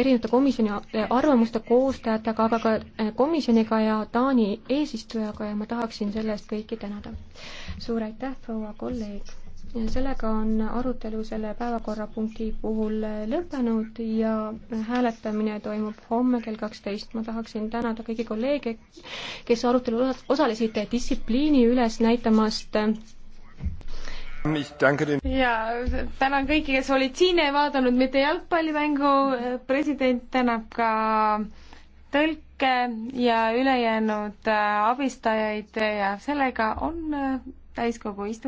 erinevate komisjoni eh, arvamuste koostajatega, aga ka eh, komisjoniga ja Taani eesistujaga ja ma tahaksin selle eest kõiki tänada. suur aitäh, proua kolleeg! sellega on arutelu selle päevakorrapunkti puhul eh, lõppenud ja hääletamine toimub homme kell kaksteist. ma tahaksin tänada kõiki kolleege, kes arutelul osalesid distsipliini üles näitamast ja tänan kõiki, kes olid siin, ei vaadanud mitte jalgpallimängu, president tänab ka tõlke ja ülejäänud äh, abistajaid ja sellega on äh, täiskogu istung